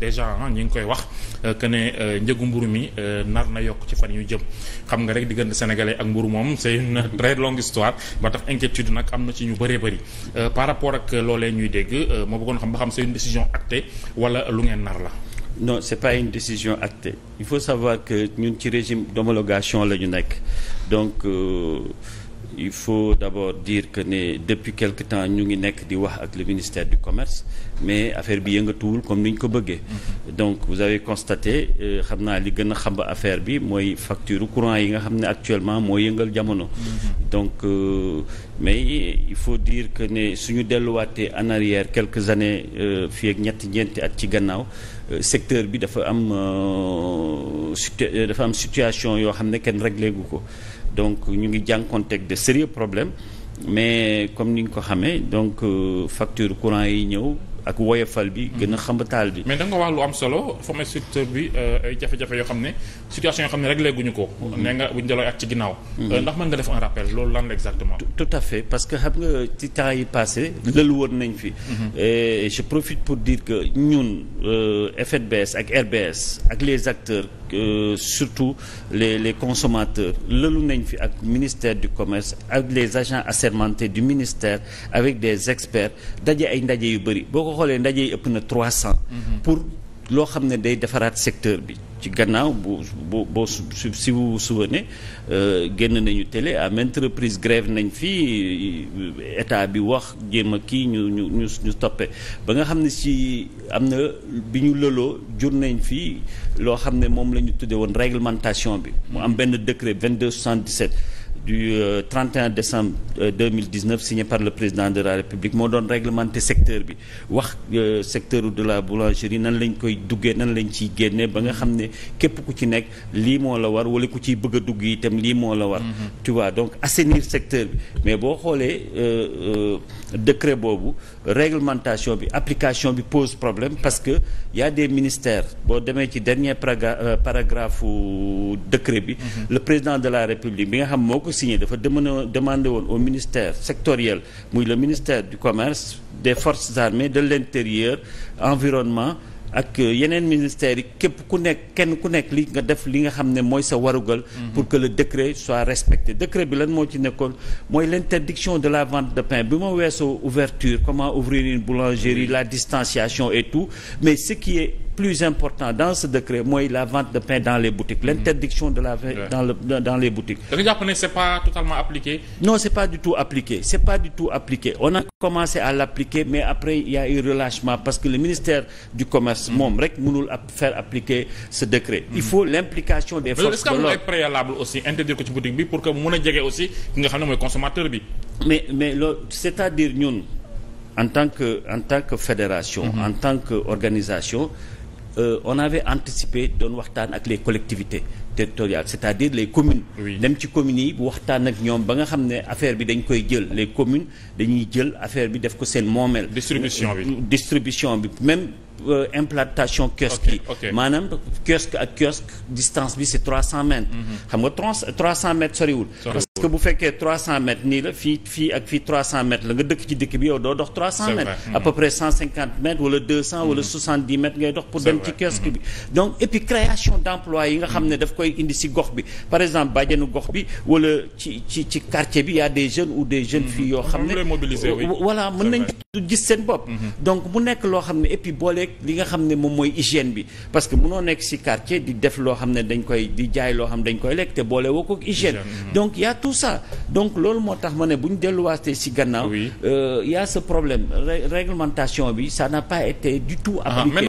déjà ah, ñu ngi koy wax euh, que ne euh, njëgu mburu mi euh, nar na yokk ci fan yu jëm xam nga rek diggante sénégalais ak mburu moom c'est une très longue histoire ba tax inquiétude nag am na ci ñu bëree bëri par rapport ak loolee ñuy dégg moo bëggoon xam ba xam c'est une décision actée wala lu ngeen nar la non c'est pas une décision actée il faut savoir que ñun ci régime d'homologation la ñu nekk donc il faut d'abord dire que ne depuis quelque temps ñu ngi nekk di wax ak le ministère du commerce mais affaire bi yëngatuwul comme ni ñu ko bëggee. donc vous avez constaté euh, xam naa li gën a xamba affaire bi mooy facture courant yi nga xam ne actuellement moo yëngal jamono. donc euh, mais il faut dire que ne suñu delluwaatee en arrière quelques années euh, fii ak ñetti ñeenti at ci gannaaw euh, secteur bi dafa am dafa am situation yoo xam ne kenn réglé gu ko. donc ñu ngi jànkoonteeg de sérieux problèmes mais comme ni ñu ko xamee donc euh, facture courant yi ñëw ak woyofal bi gën a mhm. taal bi mais da nga wax lu am solo former secteur bi euh, ay jafe-jafe yoo xam ne situation yoo xam ne réglé guñu ko mhm. nee nga buñ deloo ak ci ginnaaw mhm. euh, ndax mën nga def un rappel loolu lan la exactement tout à fait parce que xam nga ci temps yi passé lël woon nañ fi et je profite pour dire que ñun FNBS ak RBS ak les acteurs Euh, surtout les les consommateurs lëlu nañ fi ak ministère du commerce ak les agents assermentés du ministère avec des experts daje ay ndaje yu bëri boo ko xoolee ndaje yi ëpp na trois mhm. pour loo xam ne day defaraat secteur bi ci gannaaw bu bu boo si vous vous souvenez euh, génn nañu télé à maintes reprises grève nañ fi euh, état bi wax jéem a kii ñu ñu ñu ñu toppee ba nga xam ne si am na bi ñu lëloo jur nañ fii loo xam ne moom la ñu tudde woon réglementation bi mu am benn décret 22 77 du 31 euh, décembre 2019 euh, signé par le président de la République moo doon réglementer secteur bi wax euh, secteur de la boulangerie nan lañ koy duggee nan lañ ciy génnee ba nga xam ne képp ku ci nekk lii moo la war wala ku ciy bëgg a dugg itam lii moo la war mm-hmm. tu vois donc assainir secteur bi mais boo xoolee décret boobu réglementation bi application bi pose problème parce que y a des ministères boo demee ci dernier paragraphe décret bi mm-hmm. le président de la République bi signé dafa demande demandé woon au ministère sectoriel muy le ministère du commerce des forces armées de l'intérieur environnement ak yeneen ministères yi képp ku nekk kenn ku nekk li nga def li nga xam ne mooy sa warugal. Mhm. pour que le décret soit respecté décret bi lan moo ci nekkoon mooy l'interdiction de la vente de pain bi ma weesoo ouverture comment ouvrir une boulangerie la distanciation et tout mais ce qui est plus important dans ce décret mooy la vente de pain dans les boutiques hmm. l'interdiction de la vente dans le les boutiques c'est pas totalement appliqué non c'est pas du tout appliqué c'est pas du tout appliqué on a commencé à l'appliquer mais après il y a eu relâchement parce que le ministère du commerce hmm. moom rek mënul faire appliquer ce décret il hmm. faut l'implication des forces de l'ordre est-ce que am préalable aussi interdire ko ci boutique bi pour que tant que en tant que fédération en tant que organisation Euh, on avait anticipé doon waxtaan ak les collectivité territoriales c'est-à-dire les communes dem ci commune yi bu waxtaan ak ñoom ba nga xam ne affaire bi dañ koy jël les communes dañuy jël affaire bi def ko seen moomeel distribution bi distribution bi même Euh, implantation kiosque yi okay, okay. maanaam kiosque ak kiosque distance bi c'est trois cent mètres mhm. xam nga trois cent mètres soriwul que bu fekkee 300 mètres nii la fii fii ak fii 300 mètres la nga dëkk ci dëkk bi yow doo dox 300 mètres à peu près 150 mètres wala 200 wala 70 mm-hmm. mètres ngay dox pour dem ci kiosque bi mm-hmm. donc et création d'emploi yi nga xam ne daf koy indi si gox bi par exemple bàjjenu gox bi wala ci ci ci quartier bi y a des jeunes ou des jeunes mm-hmm. filles yoo xam ne voilà mën nañ du gis seen bopp. Mhm. donc mu nekk loo xam ne et puis booleeg li nga xam ne moom mooy hygiène bi parce que munoo nekk si quartier di def loo xam ne dañ koy di jaay loo xam ne dañ koy lekk te boole woo ko ak hygiène. Mhm. donc yaa a tout ça donc loolu moo tax ma ne bu ñu delluwaatee si gannaaw. Euh, y' a ce problème réglementation bi ça n'a pas été du tout ah, appliqué.